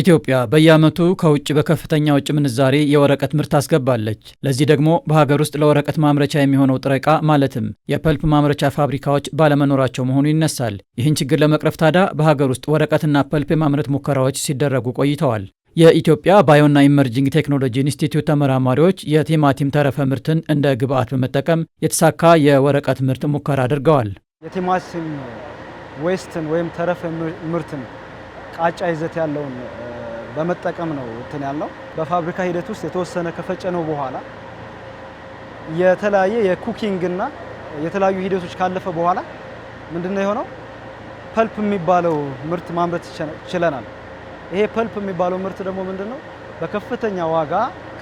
ኢትዮጵያ በየዓመቱ ከውጭ በከፍተኛ ውጭ ምንዛሬ የወረቀት ምርት ታስገባለች። ለዚህ ደግሞ በሀገር ውስጥ ለወረቀት ማምረቻ የሚሆነው ጥሬ ዕቃ ማለትም የፐልፕ ማምረቻ ፋብሪካዎች ባለመኖራቸው መሆኑ ይነሳል። ይህን ችግር ለመቅረፍ ታዲያ በሀገር ውስጥ ወረቀትና ፐልፕ የማምረት ሙከራዎች ሲደረጉ ቆይተዋል። የኢትዮጵያ ባዮና ኢመርጂንግ ቴክኖሎጂ ኢንስቲትዩት ተመራማሪዎች የቲማቲም ተረፈ ምርትን እንደ ግብዓት በመጠቀም የተሳካ የወረቀት ምርት ሙከራ አድርገዋል። የቲማቲም ዌስትን ወይም ተረፈ ምርትን ቃጫ ይዘት ያለውን በመጠቀም ነው እንትን ያልነው። በፋብሪካ ሂደት ውስጥ የተወሰነ ከፈጨነው በኋላ የተለያየ እና የተለያዩ ሂደቶች ካለፈ በኋላ ምንድነው የሆነው ፐልፕ የሚባለው ምርት ማምረት ችለናል። ይሄ ፐልፕ የሚባለው ምርት ደግሞ ምንድነው በከፍተኛ ዋጋ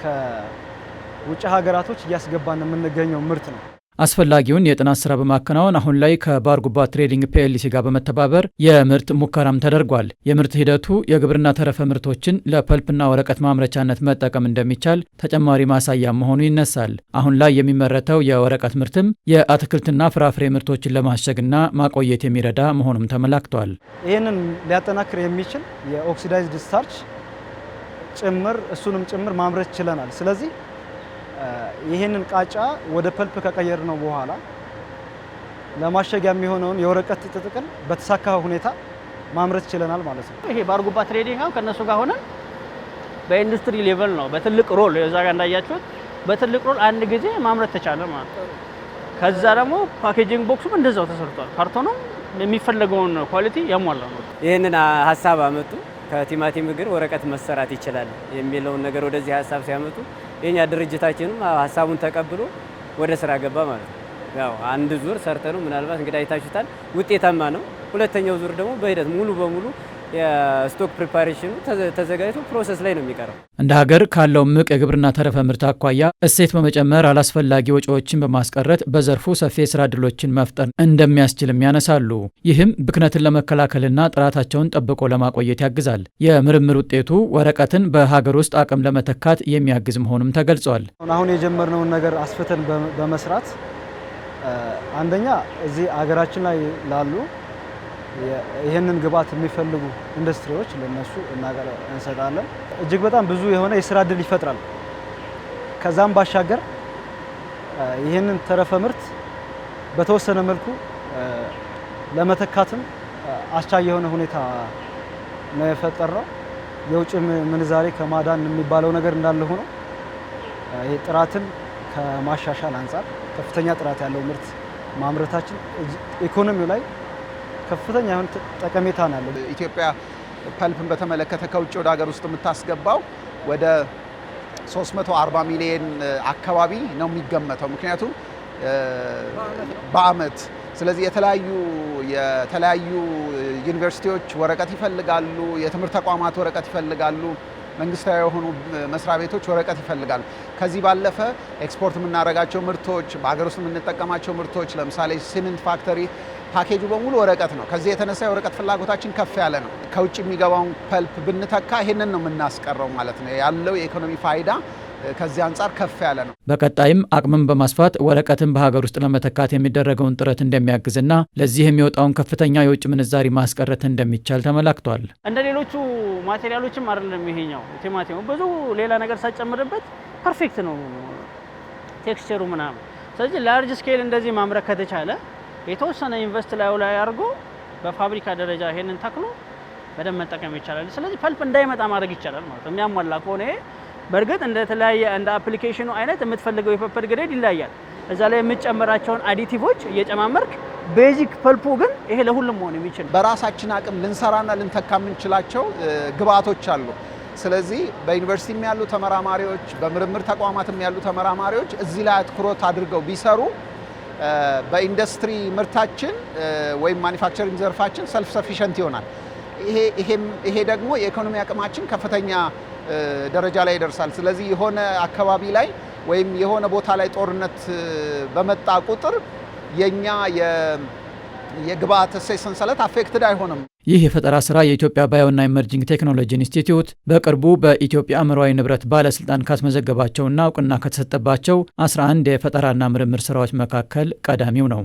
ከውጭ ሀገራቶች እያስገባን የምንገኘው ምርት ነው። አስፈላጊውን የጥናት ስራ በማከናወን አሁን ላይ ከባር ጉባ ትሬዲንግ ፒኤልሲ ጋር በመተባበር የምርት ሙከራም ተደርጓል። የምርት ሂደቱ የግብርና ተረፈ ምርቶችን ለፐልፕና ወረቀት ማምረቻነት መጠቀም እንደሚቻል ተጨማሪ ማሳያ መሆኑ ይነሳል። አሁን ላይ የሚመረተው የወረቀት ምርትም የአትክልትና ፍራፍሬ ምርቶችን ለማሸግና ማቆየት የሚረዳ መሆኑም ተመላክቷል። ይህንን ሊያጠናክር የሚችል የኦክሲዳይዝ ስታርች ጭምር እሱንም ጭምር ማምረት ችለናል። ስለዚህ ይህንን ቃጫ ወደ ፐልፕ ከቀየር ነው በኋላ ለማሸጊያ የሚሆነውን የወረቀት ጥጥቅል በተሳካ ሁኔታ ማምረት ችለናል ማለት ነው። ይሄ በአርጎባ ትሬዲንግ ሀብ ከእነሱ ጋር ሆነን በኢንዱስትሪ ሌቨል ነው በትልቅ ሮል የዛ ጋር እንዳያችሁት በትልቅ ሮል አንድ ጊዜ ማምረት ተቻለ ማለት ነው። ከዛ ደግሞ ፓኬጂንግ ቦክሱም እንደዛው ተሰርቷል። ካርቶኑም የሚፈለገውን ኳሊቲ ያሟላ ነው። ይህንን ሀሳብ አመጡ። ከቲማቲም እግር ወረቀት መሰራት ይችላል የሚለውን ነገር ወደዚህ ሀሳብ ሲያመጡ የኛ ድርጅታችንም ሀሳቡን ተቀብሎ ወደ ስራ ገባ ማለት ነው። ያው አንድ ዙር ሰርተ ነው ምናልባት እንግዲህ አይታችሁታል፣ ውጤታማ ነው። ሁለተኛው ዙር ደግሞ በሂደት ሙሉ በሙሉ የስቶክ ፕሪፓሬሽኑ ተዘጋጅቶ ፕሮሰስ ላይ ነው የሚቀረው። እንደ ሀገር ካለው ምቅ የግብርና ተረፈ ምርት አኳያ እሴት በመጨመር አላስፈላጊ ወጪዎችን በማስቀረት በዘርፉ ሰፊ የስራ እድሎችን መፍጠር እንደሚያስችልም ያነሳሉ። ይህም ብክነትን ለመከላከልና ጥራታቸውን ጠብቆ ለማቆየት ያግዛል። የምርምር ውጤቱ ወረቀትን በሀገር ውስጥ አቅም ለመተካት የሚያግዝ መሆኑም ተገልጿል። አሁን የጀመርነውን ነገር አስፍተን በመስራት አንደኛ እዚህ ሀገራችን ላይ ላሉ ይህንን ግብዓት የሚፈልጉ ኢንዱስትሪዎች ለነሱ እንሰጣለን። እጅግ በጣም ብዙ የሆነ የስራ እድል ይፈጥራል። ከዛም ባሻገር ይህንን ተረፈ ምርት በተወሰነ መልኩ ለመተካትም አስቻ የሆነ ሁኔታ ነው የፈጠረው። የውጭ ምንዛሬ ከማዳን የሚባለው ነገር እንዳለ ሆኖ ይሄ ጥራትን ከማሻሻል አንጻር ከፍተኛ ጥራት ያለው ምርት ማምረታችን ኢኮኖሚው ላይ ከፍተኛ የሆነ ጠቀሜታ ነው ያለው። ኢትዮጵያ ፐልፕን በተመለከተ ከውጭ ወደ ሀገር ውስጥ የምታስገባው ወደ 340 ሚሊዮን አካባቢ ነው የሚገመተው ምክንያቱም በአመት ስለዚህ የተለያዩ የተለያዩ ዩኒቨርሲቲዎች ወረቀት ይፈልጋሉ። የትምህርት ተቋማት ወረቀት ይፈልጋሉ። መንግስታዊ የሆኑ መስሪያ ቤቶች ወረቀት ይፈልጋሉ። ከዚህ ባለፈ ኤክስፖርት የምናደርጋቸው ምርቶች፣ በሀገር ውስጥ የምንጠቀማቸው ምርቶች ለምሳሌ ሲሚንት ፋክተሪ ፓኬጁ በሙሉ ወረቀት ነው። ከዚህ የተነሳ የወረቀት ፍላጎታችን ከፍ ያለ ነው። ከውጭ የሚገባውን ፐልፕ ብንተካ ይህንን ነው የምናስቀረው ማለት ነው። ያለው የኢኮኖሚ ፋይዳ ከዚህ አንጻር ከፍ ያለ ነው። በቀጣይም አቅምን በማስፋት ወረቀትን በሀገር ውስጥ ለመተካት የሚደረገውን ጥረት እንደሚያግዝና ለዚህ የሚወጣውን ከፍተኛ የውጭ ምንዛሪ ማስቀረት እንደሚቻል ተመላክቷል። እንደ ሌሎቹ ማቴሪያሎችም አይደለም ይሄኛው ቲማቲሙ ብዙ ሌላ ነገር ሳጨምርበት ፐርፌክት ነው ቴክስቸሩ ምናምን። ስለዚህ ላርጅ ስኬል እንደዚህ ማምረት ከተቻለ የተወሰነ ኢንቨስት ላዩ ላይ አድርጎ በፋብሪካ ደረጃ ይሄንን ተክሎ በደንብ መጠቀም ይቻላል። ስለዚህ ፐልፕ እንዳይመጣ ማድረግ ይቻላል ማለት ነው የሚያሟላ ከሆነ ይሄ በእርግጥ እንደተለያየ እንደ አፕሊኬሽኑ አይነት የምትፈልገው የፐፐር ግሬድ ይለያያል። እዛ ላይ የምትጨምራቸውን አዲቲቮች እየጨማመርክ ቤዚክ ፐልፑ ግን ይሄ ለሁሉም መሆን የሚችል በራሳችን አቅም ልንሰራና ልንተካ የምንችላቸው ግብአቶች አሉ። ስለዚህ በዩኒቨርሲቲም ያሉ ተመራማሪዎች፣ በምርምር ተቋማትም ያሉ ተመራማሪዎች እዚህ ላይ አትኩሮት አድርገው ቢሰሩ በኢንዱስትሪ ምርታችን ወይም ማኒፋክቸሪንግ ዘርፋችን ሰልፍ ሰፊሸንት ይሆናል። ይሄ ደግሞ የኢኮኖሚ አቅማችን ከፍተኛ ደረጃ ላይ ይደርሳል። ስለዚህ የሆነ አካባቢ ላይ ወይም የሆነ ቦታ ላይ ጦርነት በመጣ ቁጥር የእኛ የግብአት እሴት ሰንሰለት አፌክትድ አይሆንም። ይህ የፈጠራ ስራ የኢትዮጵያ ባዮና ኢመርጂንግ ቴክኖሎጂ ኢንስቲትዩት በቅርቡ በኢትዮጵያ አእምሯዊ ንብረት ባለስልጣን ካስመዘገባቸውና እውቅና ከተሰጠባቸው 11 የፈጠራና ምርምር ስራዎች መካከል ቀዳሚው ነው።